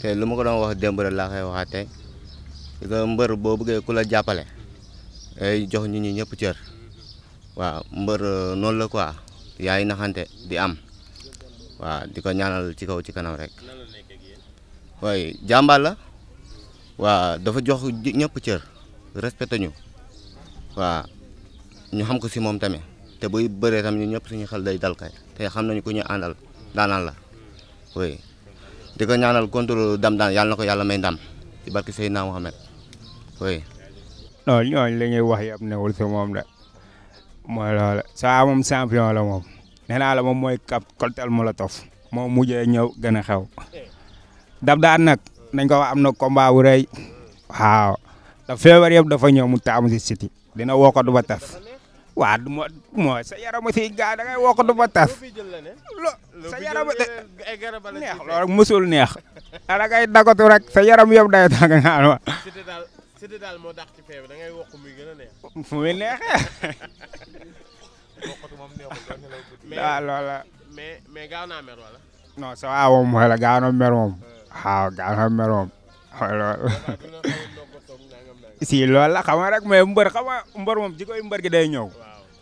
te lu ma ko doon wax démb laa koy waxaat tey mbër boo bëggee ku la jàppale ay jox ñu ñi ñëpp cër waaw mbër euh, noonu la quoi yaay naxante di am waa di ko ñaanal ci kaw ci kanam rek waaye jàmbaar la waaw dafa jox ñëpp cër respecté ñu waaw. ñu xam ko si moom tamit te buy bëree tamit ñun ñëpp suñu xel day dal kay te xam nañu ko ñu àndal daanaan la oui di ko ñaanal contrôle dam daan yàlla na ko yàlla may ndam ci barke Seydina Mohamed oui. non ñooñu la ñuy wax yëpp newul moom mooy loolu saa moom la moom nee naa la moom mooy cap cocktail molotov moo mujjee ñëw gën a xew dab daan nag nañ ko am na combat bu waaw da feebar yëpp dafa ñëw mu taamu si siti dina woo ba tas waa du ma mooy sa yaramu si gaa da ngay wokkatu ba tas. loo sa yaramu de neex loolu mosul neex. da ngay dagatu rek sa yaram yëpp day tàng naan wa. Siteu daal moo dàq ci fee bi da ngay muy gën a neex. fu muy neexee. wokkatu loola. mais mais mer wala. non sa waaw moom mooy la euh. mer moom. waaw gaaw mer moom. si loolu la xam rek mais mbër xam mbër moom jikoy mbër gi day ñëw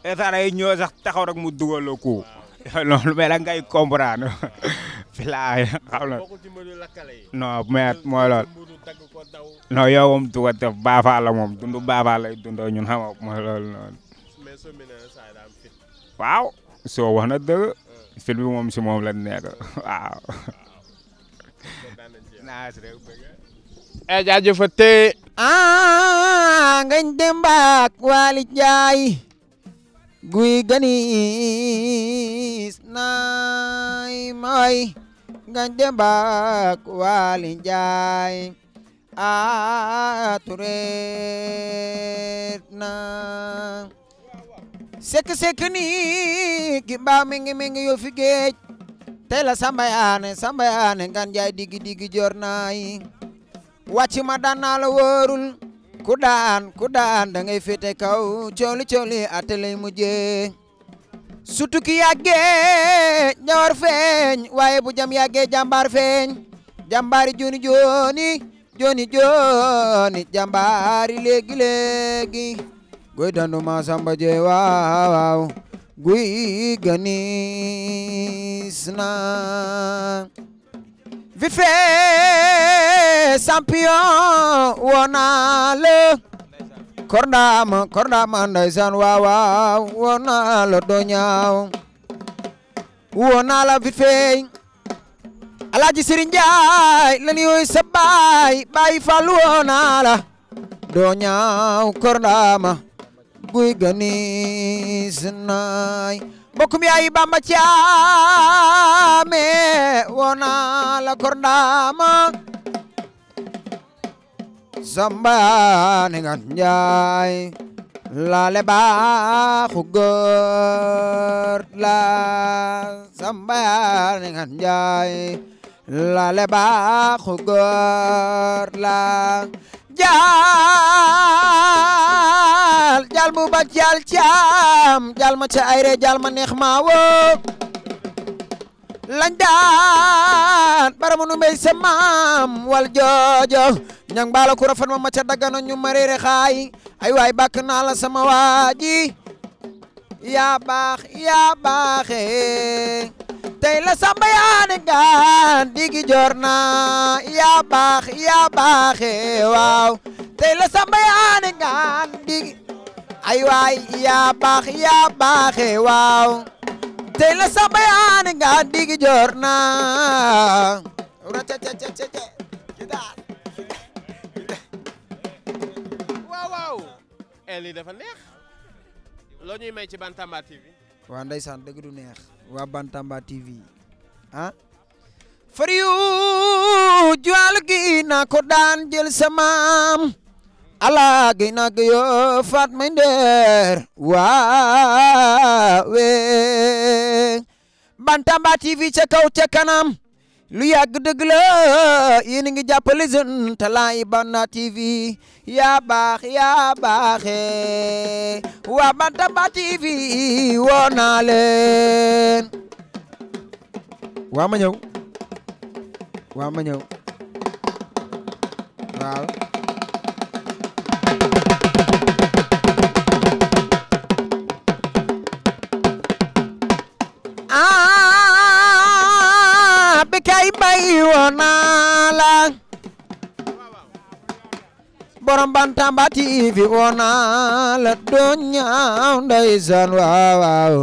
esaan ay ñëw sax taxaw rek mu dugal la ko loolu mais da ngay comprendre filaay xam na non mais mooy lool non yow moom du ko def baafaa la moom dund dundoo ñun xam nga mooy waaw soo wax na dëgg hmm. bi moom si moom la nekk e eh, jaajëfate aa ah, ngañ dem baak jaay guy ganiis naay mooy ngañ dem baak jaay aa ah, tureet na sekk sekk nii ki mbaa mengi yoo fi géej tey la samba yaane samba yaane ngan jaay digi digi joor naay wàcc ma daan naa la wóorul ku daan ku daan da ngay féete kaw cooli cooli ate lay mujjee su tukki yàggee feeñ waaye bu jam yàggee jàmbaar feeñ jàmbaari jooni jooni jooni jooni jàmbaari léegi léegi goy samba jee waaw guy ganis na Vite fait champion wona le Kordama Kordama ndeysaan waaw waaw wona le do ñaaw wona la vite fait Alaaji Serigne Ndiaye la ni oy baay baay fal wona la do ñaaw Kordama guy ganis naay mbokkum yaayi Bamba Caame wona la korndama sambane ngan njaay la sambane ngan njaay jaal jaal bu ba jaal caam jaal ma ca ayre jaal ma neex ma woo lañ daan baramu nu mbey sa wal joojo ñang baala ku rafet ma ma ca dagano ñu ma reere xaay ay waay bàkk naa la sama waaji yaa baax yaa baaxee tey la samba yaane gaan digi jor na yaa baax yaa la samba yaane gaan digi ay waay yaa baax yaa la samba yaane gaan digi jor na waaw waaw eh, neex loo ñuy may ci Bantamba TV waaw ndeysaan dëgg du neex waa Bantamba TV ah fariyu juwaal gi naa ko daan jël samaam ala gi naa ko yoo faat may ndeer Bantamba TV ca kaw ca kanam lu yàgg dëgg la yéen ngi jàppale Jeunes Talents yi Bantamba TV yaa baax yaa baaxee waa Bantamba TV woo naa leen. waa ma ñëw waa ma ñëw waaw. Bantamba TV wona la doon ñaaw ndeysaan waaw waaw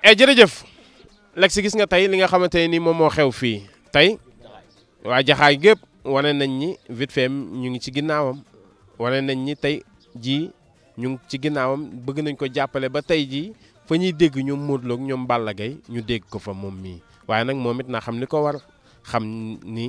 eh, jërëjëf lex gis nga tey li nga xamante ni moom moo xew fii tey waa jaxaay gépp wane nañ ñi vite fait ñu ngi ci ginnaawam wane nañ ñi tey ji ñu ngi ci ginnaawam bëgg nañ ko jàppale ba tey jii fa ñuy dégg ñoom Modou ñoom Balla Gaye ñu dégg ko fa moom mii waaye nag moom it naa xam li ko war xam ni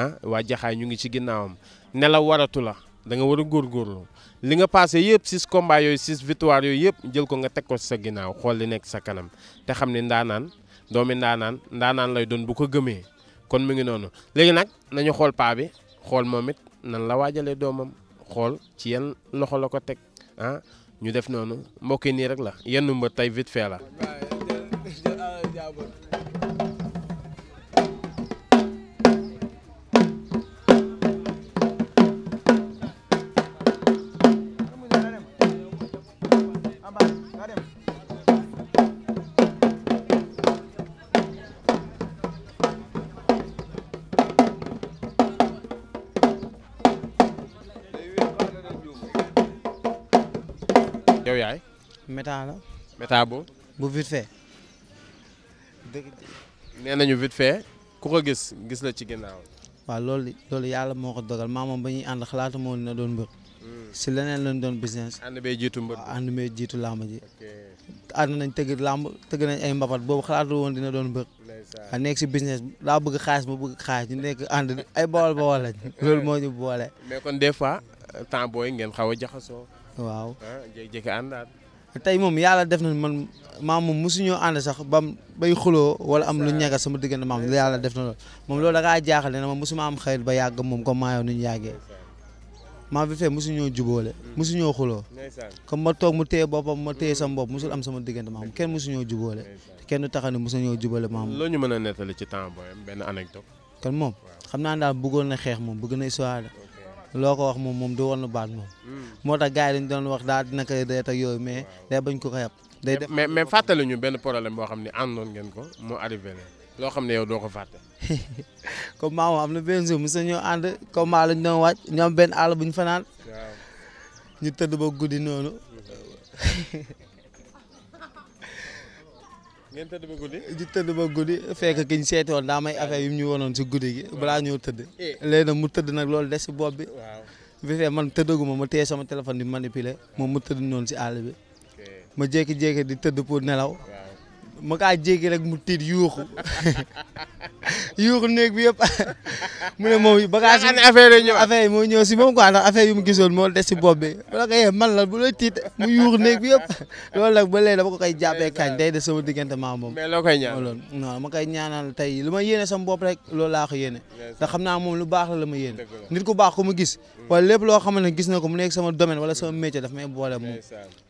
ah waa jaxaay ñu ngi ci ginnaawam nelaw la waratu la da nga war a góorgóorlu li nga passé yëpp six combats yooyu six victoire yooyu yëpp jël ko nga teg ko sa ginnaaw xool li nekk sa kanam te xam ne ndaanaan doomi ndaanaan ndaanaan lay doon bu ko gëmee kon mu ngi noonu léegi nag nañu xool paa bi xool moom it nan la waajalee doomam xool ci yan loxo la ko teg. ah ñu def noonu mbokk nii rek la yenn mbër tey vite fait yow yaay. méta la. méta bu. bu vite fait. dëgg nee nañu vite ku ko gis gis la ci ginnaaw. waaw loolu loolu yàlla moo ko dogal maa ba ñuy ànd xalaatu moo na doon mbër. Hmm. si leneen lañ doon business. ànd bee jiitu mbër ànd bee jiitu làmb ji. ànd nañ tëgg làmb tëgg nañ ay mbapat boobu xalaatu woon dina doon mbër. a nekk si business laa bëgg xaalis ma bëgg xaalis ñu nekk ànd ay bawal bawal lañ loolu moo ñu boole. waaw ah, jékki tey moom yàlla def na man maam moom mosuñoo ànd sax bam bay xuloo wala am lu ñekka sama diggante maam yàlla def na loolu moom loolu da ngaa jaaxal ne ma am xarit ba yàgg moom comme maa yow nu ñu yàggee maa bi fee mosuñoo jubóole mm. mosuñoo xuloo comme ma toog mu téye boppam ma téye mm. sama bopp mosul am sama diggante maam kenn mosuñoo jubóole te kenn du taxaw ne mosuñoo jubóole maam loo ñu mën a nettali ci temps booy benn anecdote kon moom xam naa daal bëggoon na xeex moom bëgg na histoire loo ko wax moom moom di woon lu baat moom. Hmm. moo tax gars yi dañ doon wax daal dina koy reet ak yooyu mais day bañ ko ko yab. day def mais mais fàttali ñu benn problème boo xam ne àndoon ngeen ko moo arrivé loo xam ne yow doo ko fàtte. comme maa am na benn jour mos a ñëw ànd comme maa lañ doon wàcc ñoom benn àll bu ñu fanaan ñu tëdd ba guddi noonu. Hmm. ngeen tëdd ba guddi. di tëdd ba guddi fekk ki ñu seeti woon daa may affaire yu ñu wonoon si guddi gi balaa ñëw tëdd. Eh. léegi nag mu tëdd nag loolu des si bopp bi. bu man tëddaguma ma téye sama téléphone di manipuler moom mu tëdd noonu si àll bi. ma jékki-jékki di tëdd pour nelaw. ma kaa jékki rek mu tiit yuuxu yuuxu néeg bi yëpp mu ne moom bagage yi affaire yi ñëw affaire yi moo ñëw si moom quoi ndax affaire yu mu gisoon moo des si bopp bi bu la ko yee man la bu la tiit mu yuuxu néeg bi yëpp loolu nag ba léegi dama ko koy jàppee kañ day de sama diggante maa moom mais loo koy ñaan loolu non ma koy ñaanal tey li ma yéene sama bopp rek loolu laa ko yéene ndax xam naa moom lu baax la la ma yéene nit ku baax ko mu gis mm. wala lépp loo xam ne gis na ko mu nekk sama domaine wala sama métier daf may boole moom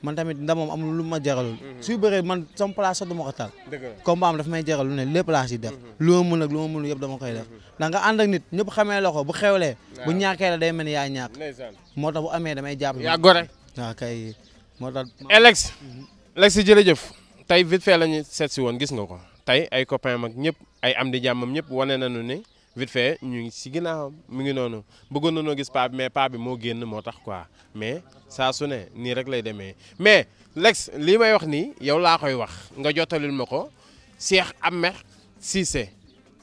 man tamit ndamoom amul lu ma jaralul mm-hmm. suy bëree man sama place gàttal combat am daf may jeexal lu ne lépp laa si def mhm. lu ma mën ak lu ma mënul yëpp dama koy def mhm. ndax nga ànd ak nit ñëpp bu xewlee bu ñàkkee la day mel ni yaa moo tax bu amee jàpp yaa gore waaw kay moo tax Lex mhm. Lex jërëjëf tey vite fait la ñu seet si woon gis nga ko tey ay copain mag ñëpp ay am di jàmmam ñëpp wane nañu ne vite fait ñu ngi si ginnaaw mu ngi noonu bëggoon noo gis paa mais paa bi moo génn moo tax quoi mais saa su ne nii rek lay demee lex lii may wax nii yow laa koy wax nga jottalil ma ko Cheikh Ahmed Cissé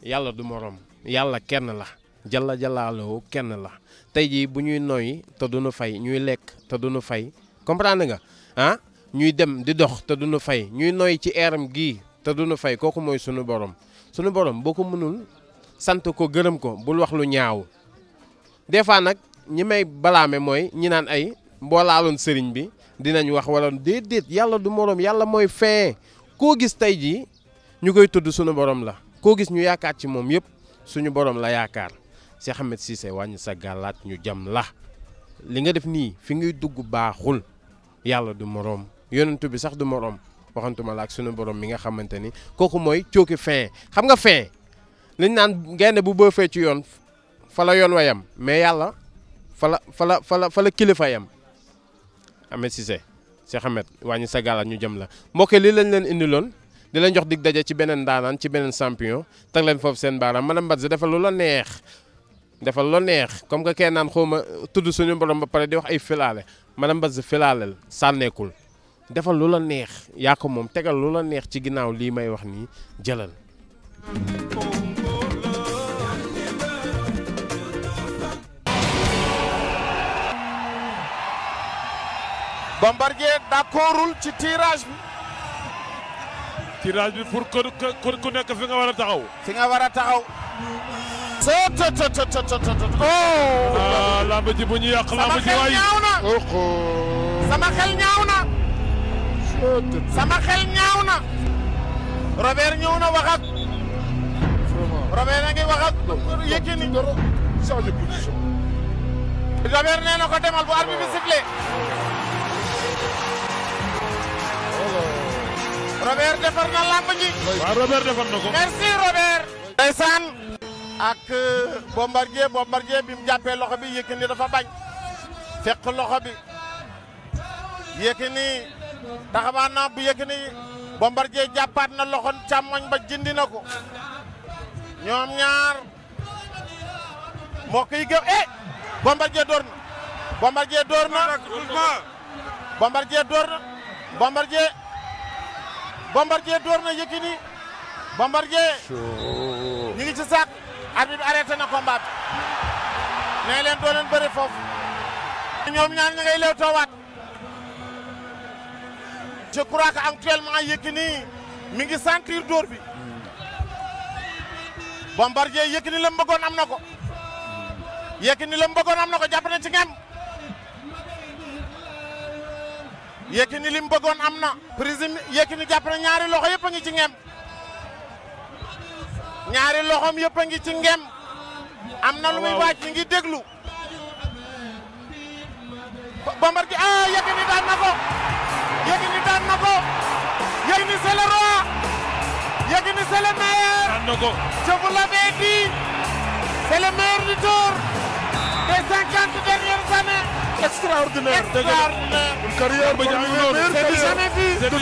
yàlla du moroom yàlla kenn la jalla jallaaloo kenn la tey jii bu ñuy noyyi te duñu fay ñuy lekk te du nu fay comprendre nga ah ñuy dem di dox te du nu fay ñuy noyyi ci eeram gii te du duñu fay kooku mooy sunu borom sunu borom boo ko mënul sant ko gërëm ko bul wax lu ñaaw des fois nag ñi may balaame mooy ñi naan ay boo laaloon sëriñ bi dinañ wax wala déedéet yàlla du moroom yàlla mooy fee koo gis tey jii ñu koy tudd suñu borom la koo gis ñu yaakaar ci moom yëpp suñu borom la yaakaar Cheikh Ahmed Cissé wàññi sa gàllaat ñu jam la li nga def nii fi ngay dugg baaxul yàlla du moroom yonent bi sax du moroom waxantuma la ak suñu borom mi nga xamante ni kooku mooy cooki fin xam nga fin liñ naan gaynde bu bëfee ci yoon fa la yoon wayam mais yàlla fa la fa kilifa yam Ahmed Cissé Cheikh Ahmed wàññi sa gàllaat ñu jëm la mbokk lii lañ leen indiloon di leen jox dig daje ci beneen daanaan ci beneen sampion teg leen foofu seen baaraam madame Badji dafa lu la neex dafa lu neex comme que kenn naan xaw ma tudd suñu borom ba pare di wax ay filaale madame Badji filaalel sànneekul defal lu la neex yaa ko moom tegal lu la neex ci ginnaaw lii may wax nii jëlal Bombardier d'accordul ci tirage bi. tirage bi pour ku ku nekk fi nga war a taxaw. fi nga war a taxaw. yàq lamb sama xel ñaaw na. sama xel ñaaw na. Robert ñëw na wax ak. Robert a ngi wax nee na ko demal bu arbitre bi sifflé. Robert na làmb ji. waaw Robert defar na ko. merci Robert. ndeysaan. ak euh, bombardier bombardier bi mu jàppee loxo bi Yékini dafa bañ. fekk loxo bi. taxawaan na bu Yékini bombardier jàppaat na loxo càmmoñ ba jindi ko. ñoom ñaar. mbokk yi gëw eh. door na. bombardier door na. bombardier Bombardier door na Yékini Bombardier ñu ngi ci saak arbitre bi arrêté na combat bi nee leen doo leen bëri foofu ñoom ñaar ña ngay leew toowaat je crois que actuellement Yékini mi ngi sentir dóor bi Bombardier Yékini la mu bëggoon am na ko Yékini la mu bëggoon na ko jàpp na ci ngem Yékini li mu bëggoon am na Brésil Yékini jàpp ñaari loxo yëpp a ngi ci ngem ñaari loxoom yëpp a ngi ci ngem am na lu muy waaj ñu ngi déglu Bombardier ah Yékini daan na ko Yékini daan na ko Yékini c'est le roi Yékini c'est le meilleur je vous l'avais dit c'est les cinquante a années. extraordinaire dëgg la carrière bu jamais vu.